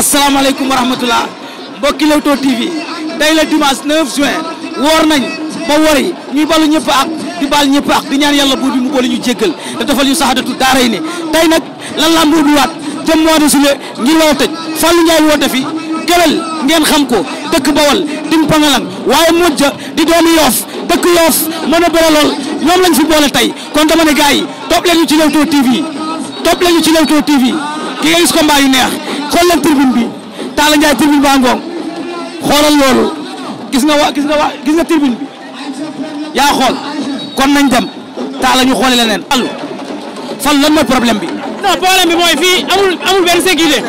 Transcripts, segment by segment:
asalaamaaleykum wa rahmatulah mbokki Leewtoo TV tey la dimanche 9 juin woor nañ ba wori ñuy balu ñëpp ak di bal ñëpp ak di ñaan yàlla buur bi mu boole ñu jéggal te defal ñu saxadatu daara yi ne tey nag lan la mbuur bi waat jëm mois de juillet ngi loo tëj Fallou Ndiaye woote fi géwél ngeen xam ko dëkk Bawol dim pangalang waaye mujj di doomi yoof dëkk yoof mën a bëre lool ñoom lañ fi boole tey kon dama ne gars yi topp leen ci Leewtoo TV topp leen ci Leewtoo TV ki nga gis xool la tribune bi Talla Ndiaye tribune baa ngoog xoolal loolu gis nga wa gis nga wa gis nga bi yaa xool kon nañ dem Talla ñu xoole leneen. allo fan lan mooy problème bi. non problème bi mooy fii amul amul benn sécurité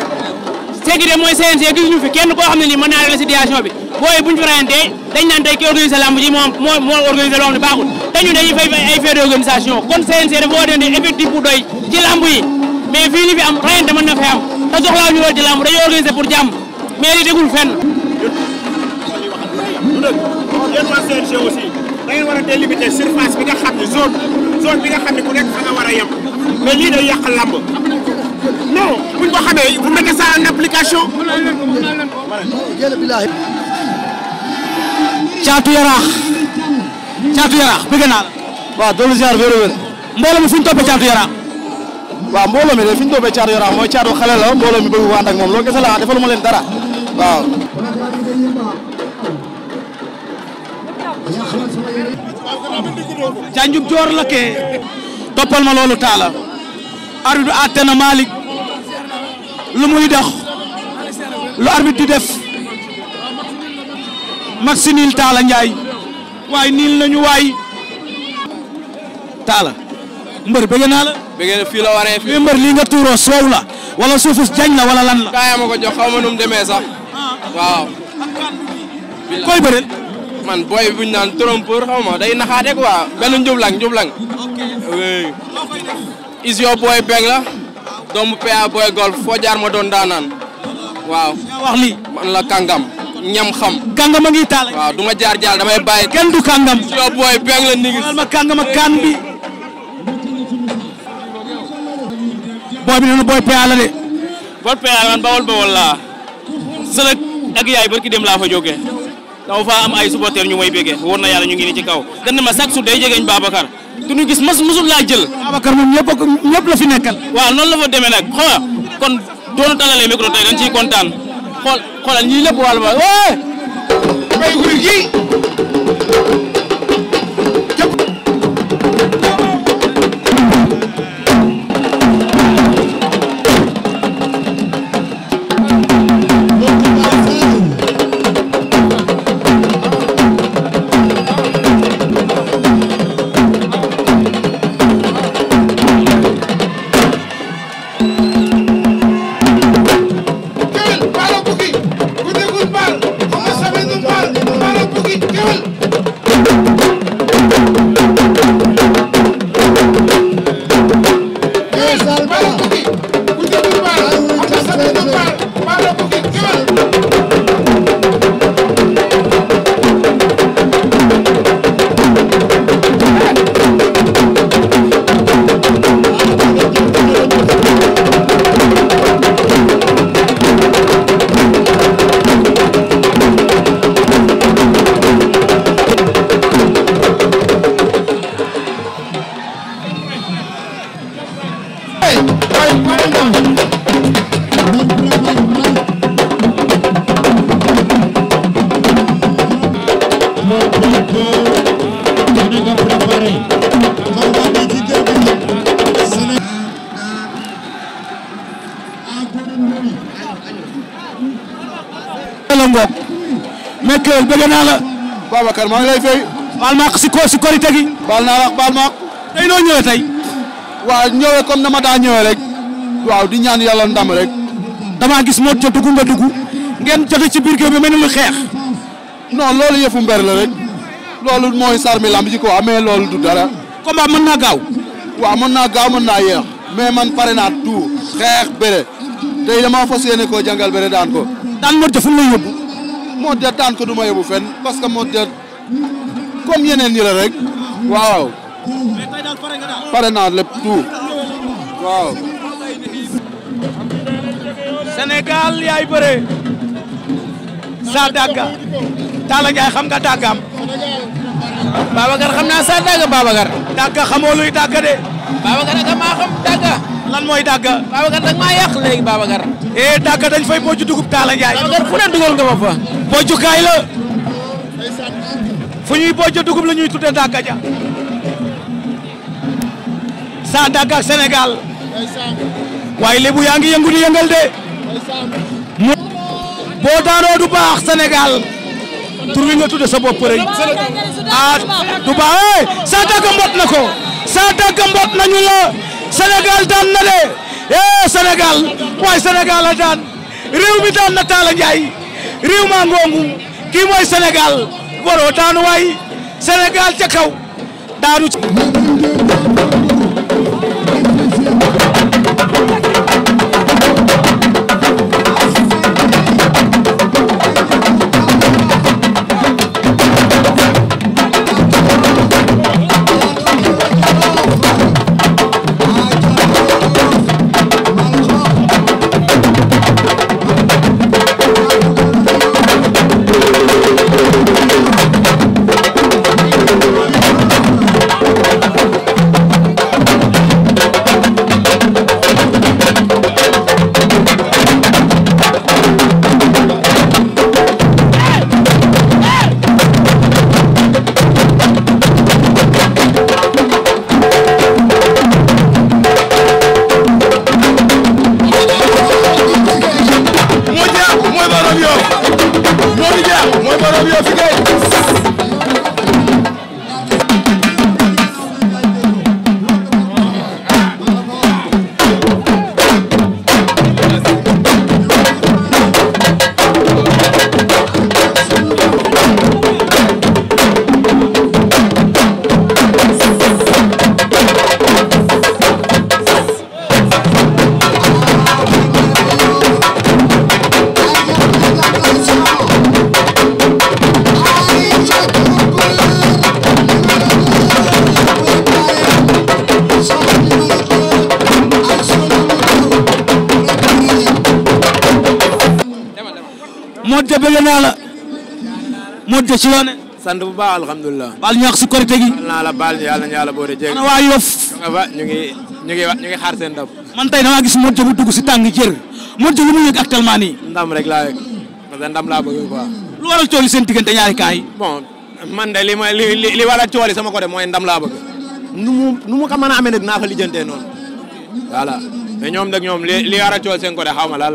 sécurité mooy CNG gis ñu fi kenn koo xam ne nii mën naa la situation bi booy buñ fi rayantee dañ naan tey ki organiser lamb ji moo moo organiser loo xam ne baaxul te ñun dañuy fay ay frais d'organisation kon CNG dafa war a doon bu doy ci lamb yi mais fii fi am rayante mën te soxlaa ñu lool ci làmb dañoo organisé pour jàmm mais li dégul fenn. du dëgg yéen waa CNG aussi da ngeen war a délimiter surface bi nga xam ne zone zone bi nga xam ne ku nekk fa nga war a yem mais lii day yàq làmb non buñ ko xamee vous mettez ça en application. caatu yaraax caatu yaraax bëgg naa la. waaw doolu ziar wér-wér. mbooloo mi fu ñu toppee caatu yaraax. waaw mbooloo mi de fi ñu caatu Yora mooy caatu xale la mbooloo mi bëgg ko ànd ak moom loolu kese la defaluma leen dara waaw. Janjum Joor la kee. toppal ma loolu taala. arbitre àtte na Malick. lu muy dox. lu arbitre di def. Maxi niil taala Ndiaye. waay niil nañu waay. taala. mbër bëgg naa la. bëgg na fii la waree fii. mbër lii nga tuuroo soow la wala suufu jañ la wala lan la. kaay ma ko jox xaw ma ah. waaw. koy bëreel. man booy bu ñu naan trompeur xaw ma day naxaate quoi benn njublang njublang. oui. isio booy beng la. doomu PA booy golf foo jaar ma doon daanaan. waaw. wax lii man la kàngam. ñam xam. kàngam a ngi taal. waaw du ma jaar jaar damay bàyyi. kenn du kàngam. isio booy beng la nigis. ma kàngam ak kaan bi. booy bi booy PA la de. booy PA man bawol bawol laa sëlëg ak yaay barki dem laa fa jógee dama fa am ay supporters ñu may béggee wóor na yàlla ñu ngi ni ci kaw. dañ ma chaque jour day jegeñ Babacar du ñu gis mas mosul laa jël. Babacar moom ñëpp ñëpp la fi nekkal. waaw noonu la demee nag xam nga kon doonu talalee micro tey dañ kontaan xool xoolal ñii lépp wàllu ba waaye. naa la. maa ngi lay baal ma àq si ko si korite gi. baal naa la ak baal ma àq. tey noo ñëwee tey. waaw ñëwee comme dama daa ñëwee rek. waaw di ñaan yàlla ndam rek. damaa gis moo jot dugg nga dugg. ngeen jot ci biir géew bi mel ni lu xeex. non loolu yëfu mber la rek. loolu mooy sarmi lamb ji amee loolu du dara. combat mën naa gaaw. waaw mën naa gaaw mën naa yéex. mais man pare naa tout. xeex bëre. tey damaa fas yéene koo jàngal bëre daan ko. daan moo jëfum la yóbbu. Mod de daan ko du ma yóbbu fenn parce que Mod de comme yeneen ñi la rek waaw. pare naa lépp tout waaw. Sénégal yaay bëree sa dàgga Talla xam nga dàggaam Babacar xam naa sa dàgga Babacar dàgga xamoo luy dàgga de Babacar ak maa xam dàgga lan mooy dàgga Babacar dag maa yàq léegi Babacar eh dàgga dañ fay moo ci dugub Talla Ndiaye fu ne dugal nga ma bojjukaay la fu ñuy bojj dugub la ñuy tudde Ndaka ja sa Ndaka ak Sénégal waaye lébu yaa ngi yëngu di yëngal de mu boo daanoo du baax senegal tur wi nga sa bopp rek ah du baax eh sa mbot na ko sa Ndaka mbot nañu la Sénégal daan na de eh Sénégal waaye Sénégal la daan réew mi daan na Talla Ndiaye réew maa ngooŋu kii mooy Sénégal waroo daanu waay Sénégal ca kaw daanu. Modou bëgg naa la Modou ci loone sant bu baax alhamdulilah baal ñu wax si korite gi naa la baal yàlla ñu yàlla boole jéeg ana waa Yof ñu ngi ñu ngi ñu ngi xaar seen ndam man tey damaa gis bu dugg si tàng jër Modou lu mu yëg nii ndam rek laa yëg parce que ndam laa bëgg quoi lu waral cooli seen diggante ñaari kaay yi bon man de li ma li li waral cooli sama côté mooy ndam laa bëgg nu mu nu mu ko mën a amee nag naa fa lijjantee noonu voilà mais ñoom nag ñoom li li waral cooli seen côté xaw la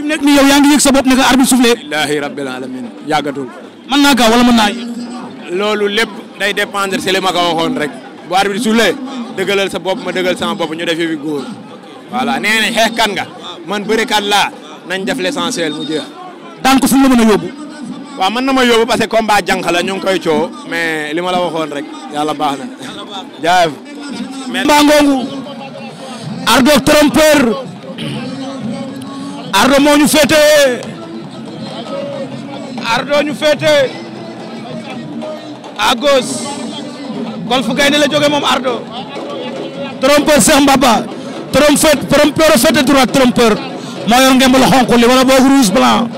fi mu nekk nii yow yaa ngi yëg sa bopp ne ko arbitre soufflé. billaahi rabbil alamin yàggatul. mën naa gaaw wala mën naa loolu lépp day dépendre si li ma ko waxoon rek bu arbitre soufflé dëggalal sa bop ma dëggal sama bopp ñu def fi góor voilà nee nañ kan nga man bërikat laa nañ def l'essentiel mu jeex. daan ko fu mu la mën a yóbbu. waaw na ma yóbbu parce que combat jànq la ñu koy coow mais li ma la waxoon rek yàlla baax na jaayef. mbaa ngoogu. ardo Ardo moo ñu féete Ardo ñu féete à gauche Golf Gaynde la joge moom Ardo trompeur Cheikh Mbaba trompeur trompeur féete droite trompeur moo yor ngemb la xonq li wala boog rouge blanc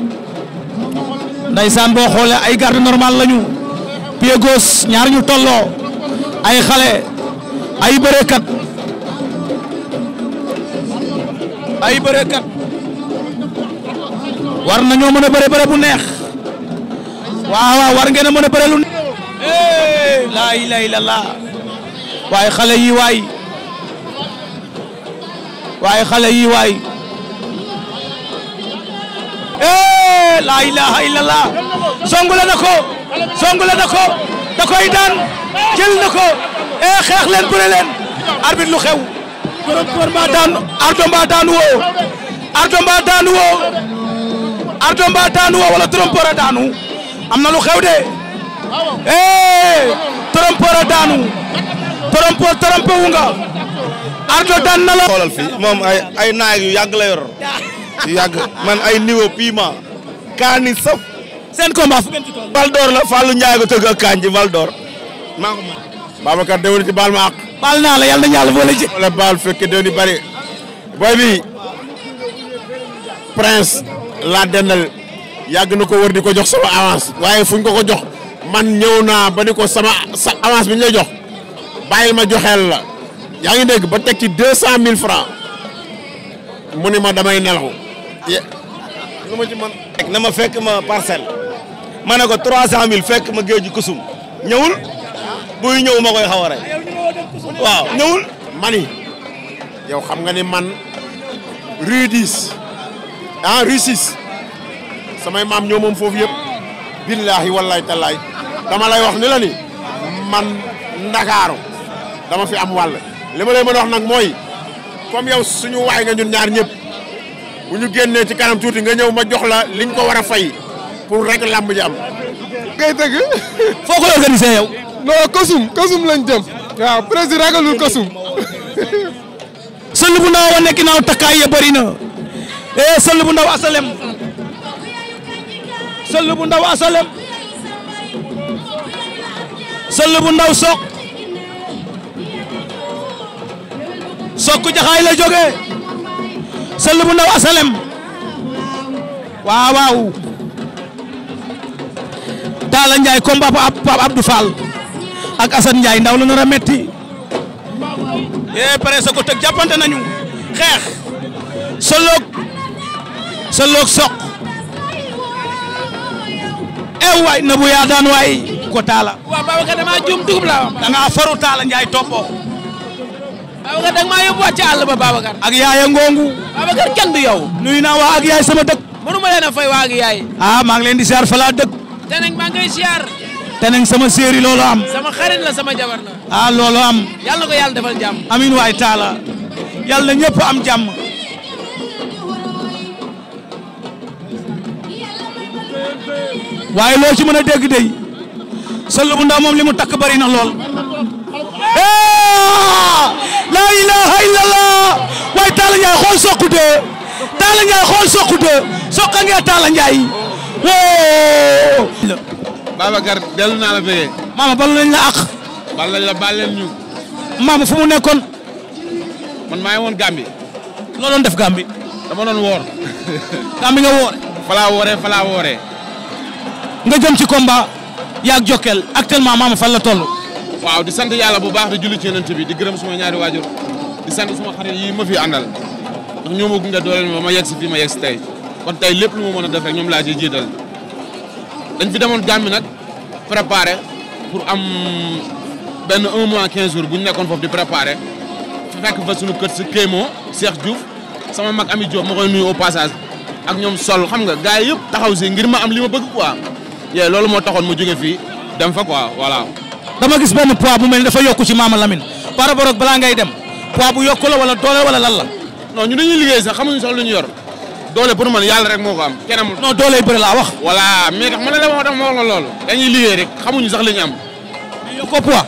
ndaysaan boo xoolee ay garde normal lañu pied gauche ñaar ñu tolloo ay xale ay bërekat ay bërekat war nañoo mën a bëre bëre bu neex waaw waaw war ngeen a mën a lu neex. laa ilaaha illallaah waaye xale yi waay waaye xale yi waay. laa ilaaha illallaah songule na ko na ko da koy daan na ko eh, xeex leen bëre leen. arbitre lu xew. borom koor mbaa daan ardo mbaa daan woo. ardo mbaa daan woo. ardo mba daanu wa wala a daanu am na lu xew de eh trompeur a daanu trompeur trompé wu nga ardo na la fi moom ay ay yu yàgg la yu yàgg man ay niveau piment kaani saf seen combat Val d'Or la Fallou Ndiaye ko tëgg ak Kanji Val d'Or maa ko mën baal ma baal naa la yàlla na yàlla boole ji baal fekke déwén yu booy bi prince laa dendal yàgg na ko wër di ko jox sama avance waaye fuñ ko ko jox man ñëw naa ba di ko sama sa avance bi ñu jox bàyyil ma joxeel la yaa ngi dégg ba teg ci deux mille francs mu ni ma damay nelaw lu ma ci na ma fekk ma parcelle ma ne ko trois cent mille fekk ma géej kusum ñëwul buy ñëw ma koy xaw a rey waaw ñëwul mani yow xam nga ni man rue 10 ah réussite sama maam ñoo moom foofu yëpp billaahi wallahi tallaay dama lay wax ni la man ndakaaru dama fi am wàll li ma lay mën a wax nag mooy comme yow suñu waay nga ñun ñaar ñëpp bu ñu génnee ci kanam tuuti nga ñëw ma jox la liñ ko war a fay pour rek làmb ji am ngay dëgg foo koy organiser yow non kasum kasum lañ jëm waaw président ragalul kasum sëñ bu wa nekk naaw ya bëri na eh sëll bu ndaw asalem sëll bu ndaw asalem sëll bu ndaw soq soq jaxaay la jógee sëll bu ndaw asalem waaw waaw Talla Ndiaye combat Pape Abdou Fall ak Assane Ndiaye ndaw la nar a metti eh pare sa ko tëg jàppante nañu xeex sëlloo sa loog soq ew eh, waay na bu yaa daan waay ko taala waaw Babacar dama juum dugub laa wax danga faru taala Njaay toppoo danga maa yóbbuwaat ci àll ba Babacar ak yaaya ngongu Babacar kenn du yow nuyu naa waa ak sama dëkk mënuma leen a fay waa ak yaay ah, maa ngi leen di siyaar falaa laa dëkk te nag maa ngay siyaar te sama séeri loolu am sama xarit la sama jabar la ah loolu am yàlla ko yàlla defal jàmm amiin waay taala yàlla ñëpp am jàmm waaye loo ci mën a dégg dey Sëll bu moom li mu takk bari na lool. laa ilaaha illallah waaye Talla Ndiaye xool Sokh 2 Talla Ndiaye xool Sokh 2 a ngi Talla Ndiaye woo. Babacar naa la béyee. maama bal nañ la àq. bal nañ la baal ñu. maama fu mu nekkoon. man maa woon Gambie. loo doon def Gambie. dama doon woor. Gambie nga woor. falaa wooree falaa wooree. nga jëm ci combat yaag Jokal actuellement maama fan la toll. waaw di sant yàlla bu baax di julli ci bi di gërëm suma ñaari waajur di sant suma xarit yi ma fi àndal ndax ñoo ma gunge dooleel ma ma yegg si ma yegg si tey kon tey lépp lu ma mën a ñoom laa ciy jiital dañ fi demoon gàmmi nag préparé pour am benn un mois quinze jours bu ñu nekkoon foofu di préparé fekk fa sunu kër si moo Cheikh Diouf sama mag ami Diouf moo koy nuyu au ak ñoom sol xam nga gars yëpp taxaw si ngir ma am li ma bëgg quoi yee loolu moo taxoon mu jóge fii dem fa quoi voilà. dama gis benn poids bu mel dafa yokku ci Mama Lamine par rapport ak ngay dem poids bu yokku la wala doole wala lan la. non ñu dañuy liggéey sax xamuñu sax lu ñu yor doole pour man yàlla rek moo ko am kenn amul. non doole yu bëri laa wax. voilà mais tax man la ma wax ma la loolu. dañuy liggéey rek ñu sax li ñu am. mais yokkoo poids.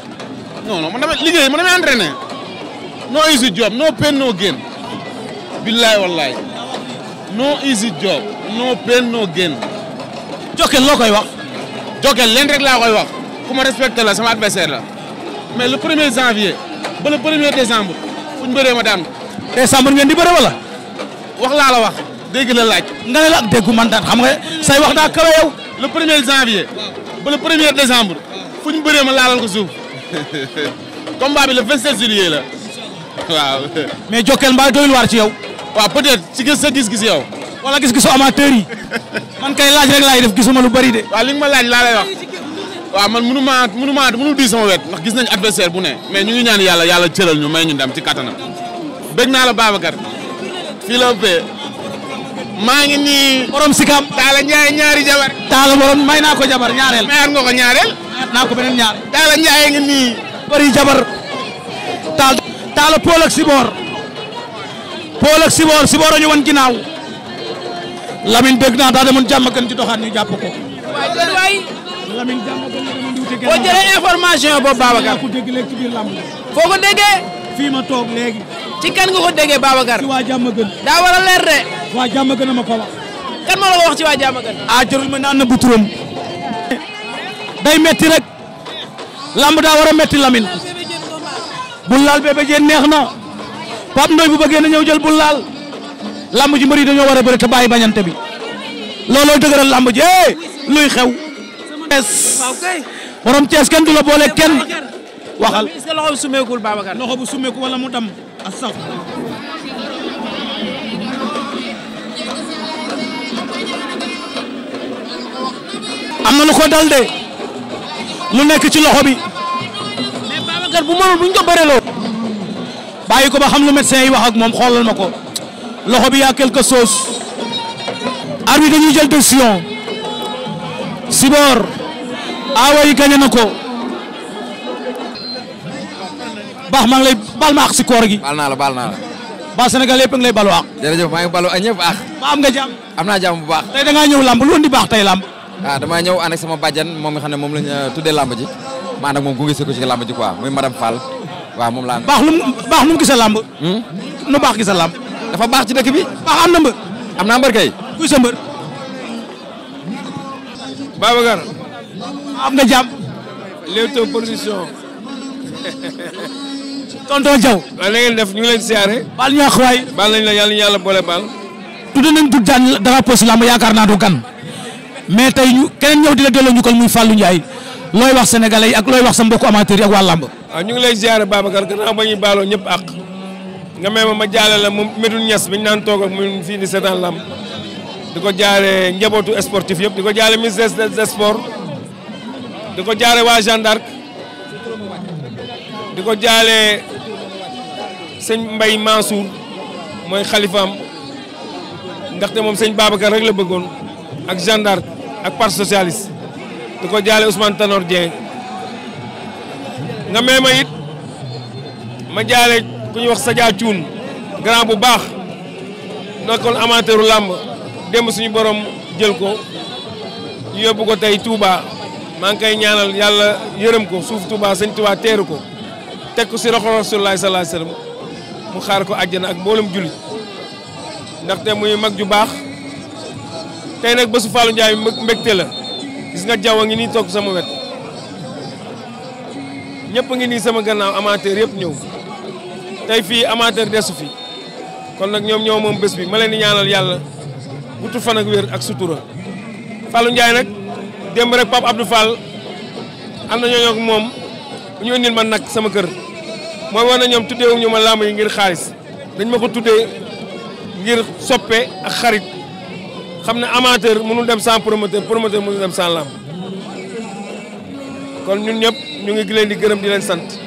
non non man damay liggéey man damay entraîné no easy job no pain no gain. billaay wallaay no easy Jokal loo koy wax Jokal leen rek laa koy wax ku ma respecté la sama adversaire la mais le premier janvier ba le premier décembre fu bëree ma daan décembre ngeen di bëre wala. wax laa la wax dégg la laaj. nga ne la ak man daan xam nga say wax daa kawe yow. le premier janvier ba le premier décembre fu ñu bëree ma laa laalal ko suuf combat bi le 27 juillet la waaw. mais Jokal mbaa doyul waar ci yow. waaw peut-être ci sa gis-gis yow. wala gis-gisu amateur yi man kay laaj rek laay def gisuma lu bari de. waaw li ma laaj laa lay wax waaw man munu maa munu maa munu di sama wet ndax gis nañ adversaire bu ne mais ñu ngi ñaan yàlla yàlla cëral ñu may ñu ndam ci kattanam bëgg naa la Babacar fii la ëppee maa ngi nii. borom Sikam. Talla Ndiaye ñaari jabar. Talla borom may naa ko jabar ñaareel. mayaat nga ko ñaareel. mayaat naa ko beneen ñaar. Talla Ndiaye ngi nii. bari jabar. Talla Talla Paul ak Sibor. Paul ak Sibor ñu Lamine dégg na daa demoon jàmm gën ci doxaan ñu jàpp ko. waay Lamine jàmm gën ñu demoon wuute. boo jëlee information boobu Babacar. ko dégg léegi ci biir foo ko déggee. fii ma toog léegi. ci kan nga ko déggee Babacar. ci waa jàmm daa war a leer de. waa jàmm gën a ma ko wax. la wax ci waa jàmm gën. ah ma naan na bu turam. day metti rek. lamb daa war a metti lamin bu laal bébé jeen neex na. Pape Ndoye bu bëggee na ñëw jël bu laal. lamb ji mbër yi dañoo war a bëri te bàyyi bi looloo dëgëral lamb ji eh luy xew. Cees borom Cees kenn du la boole kenn waxal. est na lu ko dal lu nekk ci loxo bi. mais Babacar bu mënul buñ ko bëreloo. bàyyi ko ba xam lu médecin yi wax ak moom xoolal ma ko. loxo bi yaa quelque chose. arbitre dañuy jël décision. Sibor. awa yi na ko. baax maa nga lay baal ma koor gi. baal naa la baal naa la. ba Sénégal yëpp a ngi lay balu àq. jërëjëf maa am nga jàmm. am naa jaam bu baax. tey da ngaa ñëw lamb lu woon di baax tey lamb ah damaa ñëw ànd ak sama bàjjan moom nga xam ne moom lañ uh, tuddee làmb ji ma ànd ak moom gunge si ko ci làmb ji quoi muy madame Fall laa. baax lu baax lu mu gisee làmb. Hmm? nu baax gisee làmb. dafa baax ci dëkk bi. baax am na mbër. am naa mbër kay. kuy sa mbër. am nga jàmm. Leewtoo production. tonton Diaw. waaw na ngeen def ñu ngi leen siyaare. baal ñu àq waay. baal nañ la yàlla ñu yàlla boole baal. tudd nañ tudd daan drapeau si làmb yaakaar naa du gan. mais tey ñu keneen ñëw di la delloo ñu ko muy Fallou Ndiaye looy wax sénégalais yi ak looy wax sa mbokku amateur ak waa làmb. ñu ngi lay siyaare Babacar gannaaw ba ñuy baaloo ñëpp àq. nga may ma ma jaale la moom Medoune Niass mi ñu naan toog ak mu fii di seetaan lam di ko jaale njabootu sportif yëpp di ko jaale ministre des sports di ko jaale waa gendarme di ko jaale sëñ Mbaye Mansour mooy xalifaam ndaxte moom sëñ Babacar rek la bëggoon ak gendarme ak parti socialiste di ko jaale Ousmane Tanor nga may ma ma jaale. ku ñuy wax Sadia Thioune grand bu baax nekkoon amateuru làmb démb suñu borom jël ko yóbbu ko tey Touba maa ngi koy ñaanal yàlla yërëm ko suuf Touba sëñ Touba teeru ko teg ko si loxo Rasulullah sallallahu mu xaar ko àjjana ak mboolum jullit ndaxte muy mag ju baax tey nag bésu Fallou Ndiaye mbégte la gis nga jaww ngi nii toog sama wet ñëpp ngi nii sama gannaaw amateur yëpp ñëw. tey fii amateur desu fi kon nag ñoom ñoo moom bés bi ma leen di ñaanal yàlla gudd fan ak wér ak sutura Fallou Ndiaye nag démb rek Pape Abdou Fall ànd nañoo ak moom bu ñu indil ma nag sama kër mooy war na ñoom tuddeewuñ ñu ma làmb yi ngir xaalis dañ ma ko tuddee ngir soppe ak xarit xam ne amateur mënul dem sans promoteur promoteur mënul dem sans làmb kon ñun ñëpp ñu ngi leen di gërëm di leen sant.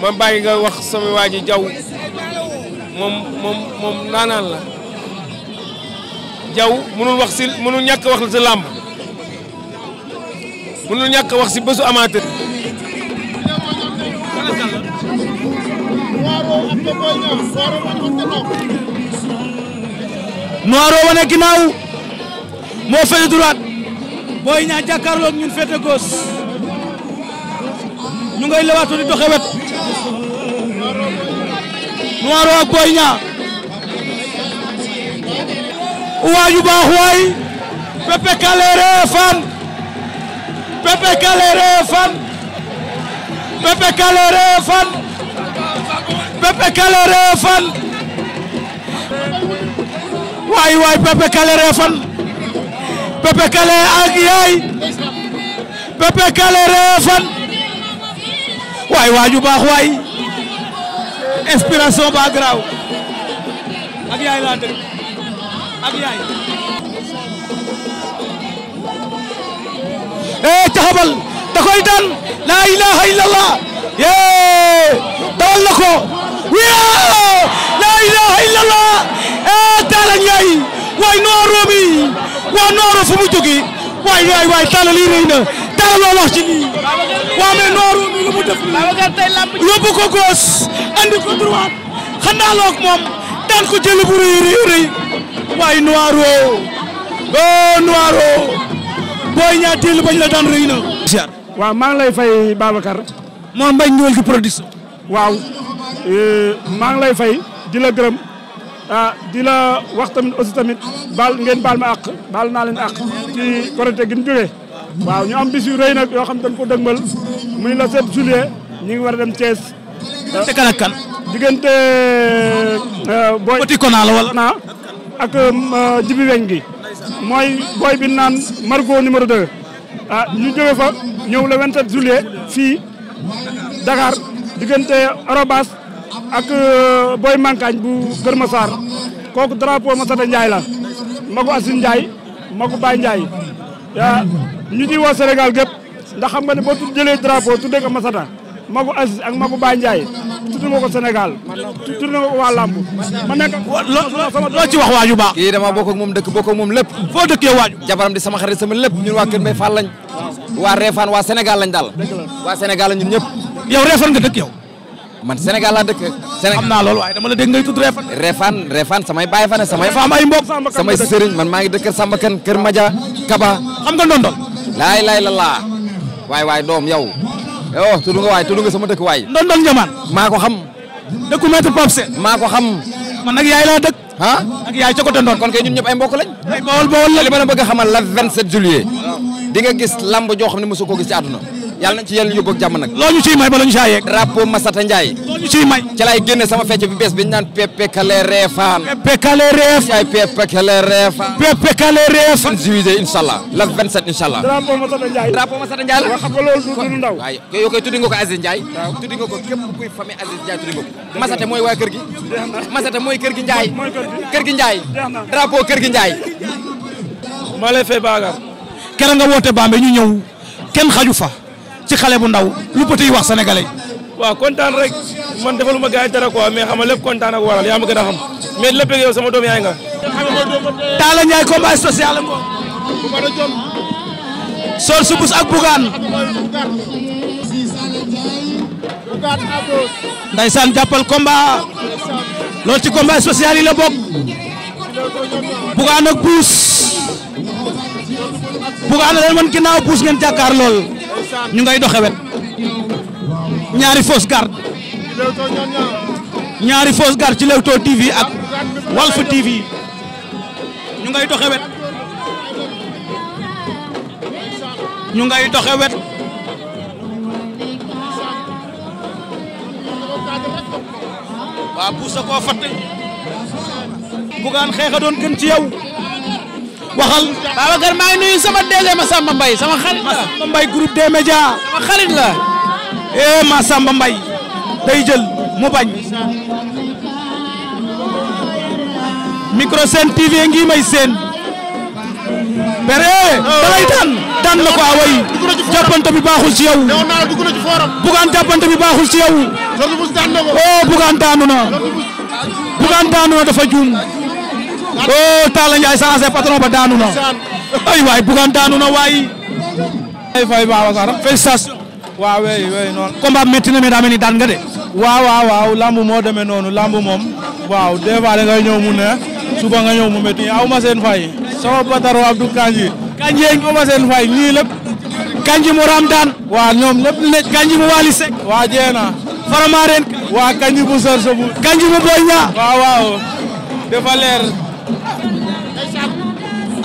ma bàyyi nga wax sama waa ji jaw moom moom moom naanaan la jaw mënul wax si mënul ñàkk wax si làmb mënul ñàkk wax si bésu amateur noiro wane ginnaaw moo fete droite booy ñaa jàkkaarloog ñun fete gauche ñu ngay lewaatu di doxe wet Noiro ak Boy Niang waaju baax waay Pepe Kalere Fane Pepe Kalere Fane Pepe Kalere Fane Pepe Kalere Fane waay waay Pepe Kalere Fane Pepe waay waaju baax waay inspiration ba graw ak yaay laa dëgg eh, la ilaha illallah yee dawal na ko la ilaha illallah eh Talla waay nooroo bi waa nooroo fu mu jógee waay waay waay Talla lii rëy na Talla loo wax ci lii waaw lu mu def yóbbu ko góos andi ko droit xanaa loog bu rëy rëy waay noiro oh booy ñaar téel bañ la daan rëy na. waaw maa ngi lay fay Babacar. moom mbañ ñëwal ci production. waaw eh, maa ngi lay fay di la gërëm. ah di la wax tamit aussi tamit baal ngeen baal ma àq baal naa leen àq ci Korité gi ñu jógee waaw ñu am bis yu rëy nag yoo xam dañ ko dëgmal muy le 7 juillet ñu ngi war a dem Thiès. diggante kan ak kan. diggante euh, euh, booy. petit kona la wala naa ak euh, jibi weñ gi. mooy booy bi naan Margot numéro 2. ah ñu jóge fa ñëw le 27 juillet fii Dakar diggante Arobas. ak euh, Boy Mankaañ bu Kër Massar kooku drapeau Masata Ndiaye la magu Asin Ndiaye magu Baye Ndiaye yaa ñu ciy woo Sénégal gépp ndax xam nga ne boo tu jëlee drapeau tuddee ko Masata magu Asis ak magu njaay Ndiaye tudd nga ko Sénégal tudd nga ko waa làmb ma nekk loo ci wax waaju baax kii dama bokk moom dëkk bokk ak moom lépp foo dëkk yow waaju jabaram di sama xarit sama lépp ñun waa Kër Mbay lañ waa Réfane waa Sénégal lañ daal waa Sénégal lañ ñun ñëpp yow Réfane nga dëkk yow man Sénégal la dëkk. Sénégal xam naa loolu waaye dama la dégg ngay tudd Refane. Refane Refane samay baay fane samay. dafa man maa ngi dëkk Samba Kane Kër Madia Kaba. xam nga ndondol. laay laay la laa. waay waay doom yow. yow tudd nga waay tudd sama dëkk waay. ndondol Ndiamane. maa ko xam. dëkku maître Pape maa ko xam. man nag yaay laa dëkk. ah ak yaay ca côté Ndondol. kon kay ñun ñëpp ay mbokk lañ. bawol bawol la li ma la bëgg xamal la 27 juillet. di nga gis lamb joo xam ne mosu koo gis ci àdduna yàlla nañ ci yàlla yóbbu ak jàmm nag loo ñu ciy may ba la ñu saa yeeg drapeau Massata ci laay génne sama fecc bi bees bi ñu naan pepe kale reefaan pepe kale reef ay pepe kale reefaan la xam nga loolu du ndaw waaye yow koy tuddi nga ko Aziz Ndiaye tuddi ko képp kuy famille Aziz Ndiaye tuddi mooy waa kër gi Massata mooy kër gi Ndiaye kër gi Ndiaye drapeau kër gi Ndiaye maa lay fay baagar keroog nga woote Bambey ñu ñëw kenn xaju fa ci xale bu ndaw lu petit wax sénégalais. waaw kontaan rek man defaluma gars yi dara quoi mais xam nga lépp kontaan ak waral yaa ma gën a xam mais lépp yow sama doom yaay nga. Talla Ndiaye combat social la moom. Sol su bus ak Bougane. Ndaysaan jàppal combat loolu ci combat social yi la bokk. Bougane ak buus. Bougane leen man ginnaaw buus ngeen jàkkaar lool. ñu ngay doxe wet ñaari fausse garde ñaari fausse garde ci Leewtoo TV ak Walf TV ñu ngay doxe wet ñu ngay doxe wet waa puusa koo fatte bugaan xeexa doon gën ci yow waxal. Babacar maa ngi sama DG Massamba Mbaye sama xarit la Massamba Mbaye groupe eh, day jël mu bañ. micro seen TV ngi may seen. béré dalay tan tan na ko away ah jàppante bi baaxul ci bugaan jàppante bi baaxul ci yow eh, bugaan daanu na bugaan daanu na dafa juum oh Talla Ndiaye sensé patron ba daanu ay waay bugaan daanu na waay. ay fay Babacar félicitations. waaw wey wey noonu. combat métti na mais daa mel ni daan nga de. waaw waaw waaw moo demee noonu lamb moom. waaw des fois da ngay ñëw mu ne suba nga mu métti aw ma seen fay. sama pataro Abdou Kanji. Kanji aw ma fay ñii lépp. Kanji mu raam daan. waaw ñoom lépp ne Kanji mu Wally Seck. waa jeena. Faramaareen. waa Kanji bu Sër Sobu. Kanji mu Boy Niang. waaw waaw dafa leer.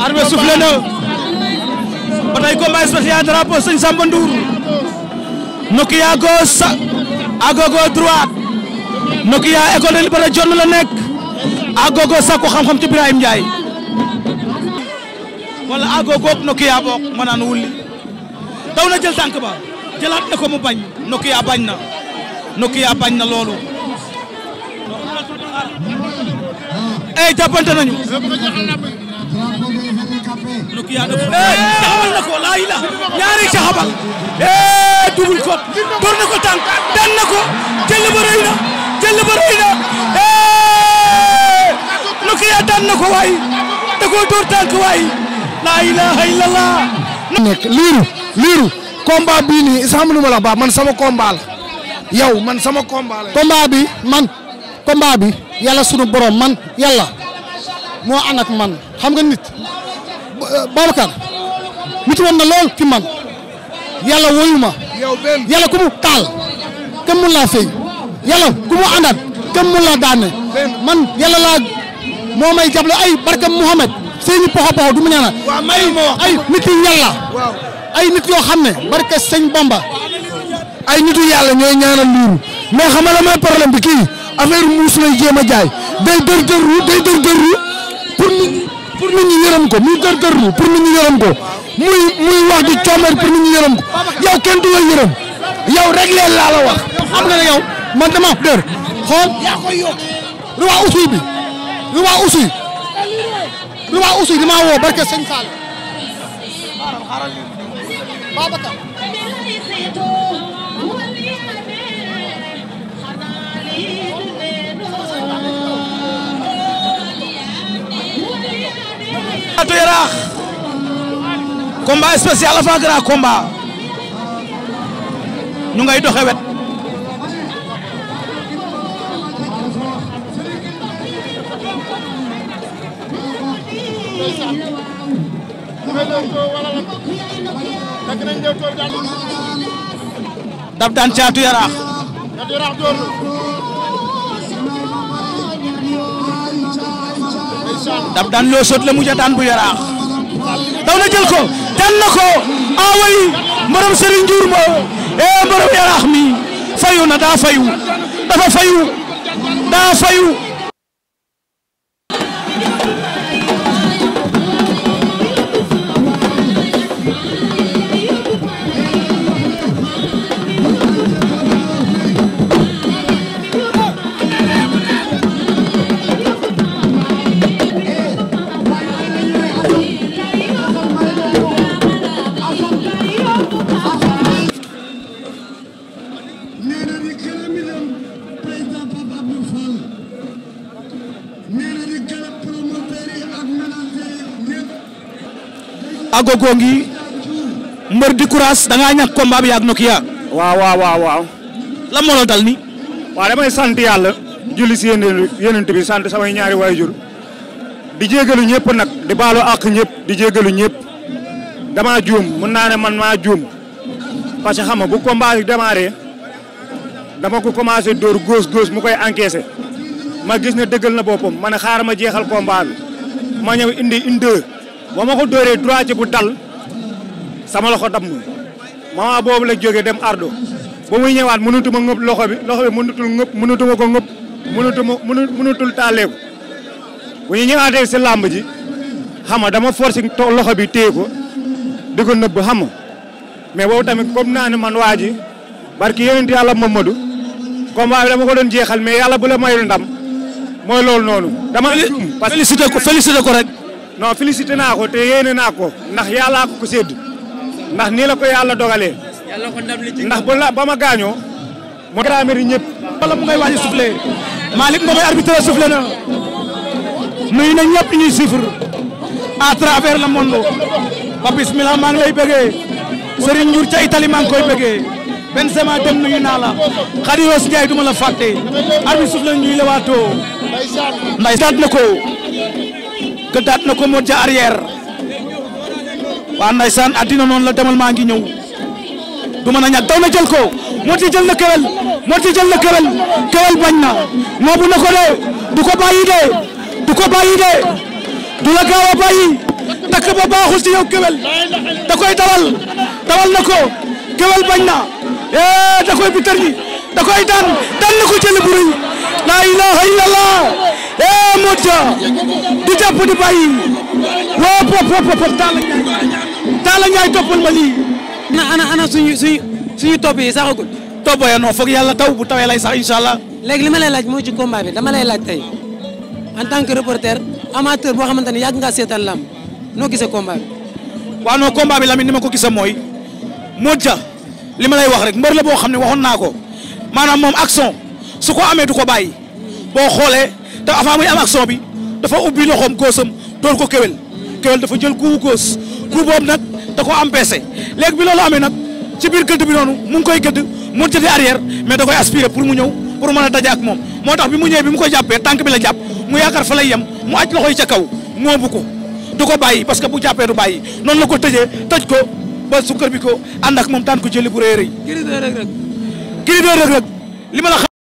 arbe soufflé na ba tey combat spécial drapeau sëñ Samba Ndour Nokia gauche Agogo droite Nokia école de Liberté John la nekk Agogo sakku xam-xam ci Ibrahima Ndiaye wala Agogo ak Nokia bokk ma naan wulli daw na jël tànk ba jëlaat na mu bañ Nokia bañ na Nokia bañ na loolu ey eh, jàppante nañu Nokia da xabal na ko laa ila ñaari ca xabal eh double cop door na ko tànk daan na ko jël ba rëy na jël ba rëy na eh Nokia daan na ko waay da ko door tànk waay laa ilaha illallah nekk liiru liiru combat bii nii isam lu ma la ba man sama combat la yow man sama combat la combat bi man combat bi yàlla sunu borom man yàlla moo ànd ak man xam nga nit Babacar nit woon na lool ki man yàlla woyu ma yàlla ku mu taal kenn mun laa fay yàlla ku mu àndaat kenn mun laa daane man yàlla laa moo may jàppale ay barkam Mouhamed seeni poxo poxo du mu ñaanal ay ay nit yi yàlla ay nit yoo xam ne barke sëñ Bamba ay nitu yàlla ñooy ñaanal luuru mais xam nga la mooy bi kii affaire muus jéem a jaay day dër dër dër dër pour nit pour nit ñi yërëm ko muy kër kër lu pour ñi yërëm ko muy muy wax di coomer pour nit ñi yërëm ko yow kenn du la yërëm yow rek laa la wax. xam nga ne yow man dama am dër xool yaa koy usuy bi ruwa usuy ruwa usuy woo barke sëñ Sall. Caatu Yaraax combat spécial avant grand combat ñu ngay doxe wet dab daan Caatu Yaraax dab daan loo sot la mujj a bu yaraax daw na jël ko daan na ko away mbaram Serigne Ndiour ma eh mbaram yaraax mi fayu na daa fayu dafa fayu daa fayu. agogo ngi mbër di courage da ngaa ñàkk bi yaag Nokia. waaw waaw waaw waaw. lan dal ni waaw damay sant yàlla. julli si yeneen yeneen bi sant samay ñaari waajur di jégalu ñëpp nag di baalu àq ñëpp di jégalu ñëpp damaa juum mën naa man ma juum parce que xam nga bu combat bi démarré dama ko commencé dóor góos góos mu koy encaissé ma gis ne dëggal na boppam man ne ma jeexal combat bi ma ñëw indi une ba ma ko dóoree trois ci bu dal sama loxo damm moment boobu la jógee dem ardo ba muy ñëwaat mënutuma ngëp loxo bi loxo bi mënutul ngëp mënutuma ko ngëp mënutuma mënutul taaleeku bu ñu ñëwaatee làmb ji xam nga dama forcé loxo bi téye ko di ko nëbb xam nga mais boobu tamit comme naa ne man waa ji barki yonent yàlla Mamadou combat bi dama ko doon jeexal mais yàlla bu la mayul ndam mooy loolu noonu. dama félicité ko ko rek. non félicité naa ko te yéene naa ko ndax yàllaa ko ko sédd ndax nii la ko yàlla dogalee. ndax bu la ba ma gaañoo. moo garaameri ñëpp. wala mu ngay waaj a soufflé Malick Ngoboy arbitre soufflé na nuyu na ñëpp ñuy suivre à travers le monde ba bismillah maa ngi lay bëggee Serigne Ndiour ca Italie maa ngi koy bëggee Benzema dem nuyu naa la Khady Rose Ndiaye du ma la fàtte arbitre soufflé na ñuy lewaatoo. ndeysaan na ko. gëddaat na ko moo ja arrière waa ndeysaan addina du ko moo ci jël na kewel de du la gaaw a bàyyi ba baaxul ci yow kewel da dawal dawal na ko kewel bañ na eh, da koy bitar ñi da koy daan na ko jël bu rëy la ilaha ee Modou Dia di jàpp di bàyyi woo pop pop pop Talla Ndiaye Talla Ndiaye toppal ma lii ana ana suñu suñu suñu topp yi saxagul topp ya non foog yàlla taw bu tawee lay sax inshallah léegi li ma lay laaj mooy ci combat dama lay laaj tey en tant que reporter amateur boo xamante ne yàgg ngaa seetaan lam noo gisee combat bi waaw non combat bi ni ma ko gisee mooy Modou Dia li ma lay wax rek mbër la boo xam ne waxoon naa ko maanaam moom action su ko amee du ko bàyyi boo xoolee te avant muy am action bi dafa ubbi loxoom góosam door ko kewel kewel dafa jël guubu góos guubu boobu nag da ko empêché léegi bi loolu amee nag ci biir gëdd bi noonu mu koy gëdd mu jëti arrière mais da koy aspiré pour mu ñëw pour mën a daje ak moom moo tax bi mu ñëwee bi mu ko jàppee tànk bi la jàpp mu yaakaar fa lay yem mu aj loxo yi ca kaw moobu ko du ko bàyyi parce que bu jàppee du bàyyi noonu la ko tëjee tëj ko ba sukkar bi ko ànd ak moom daan ko jëli bu a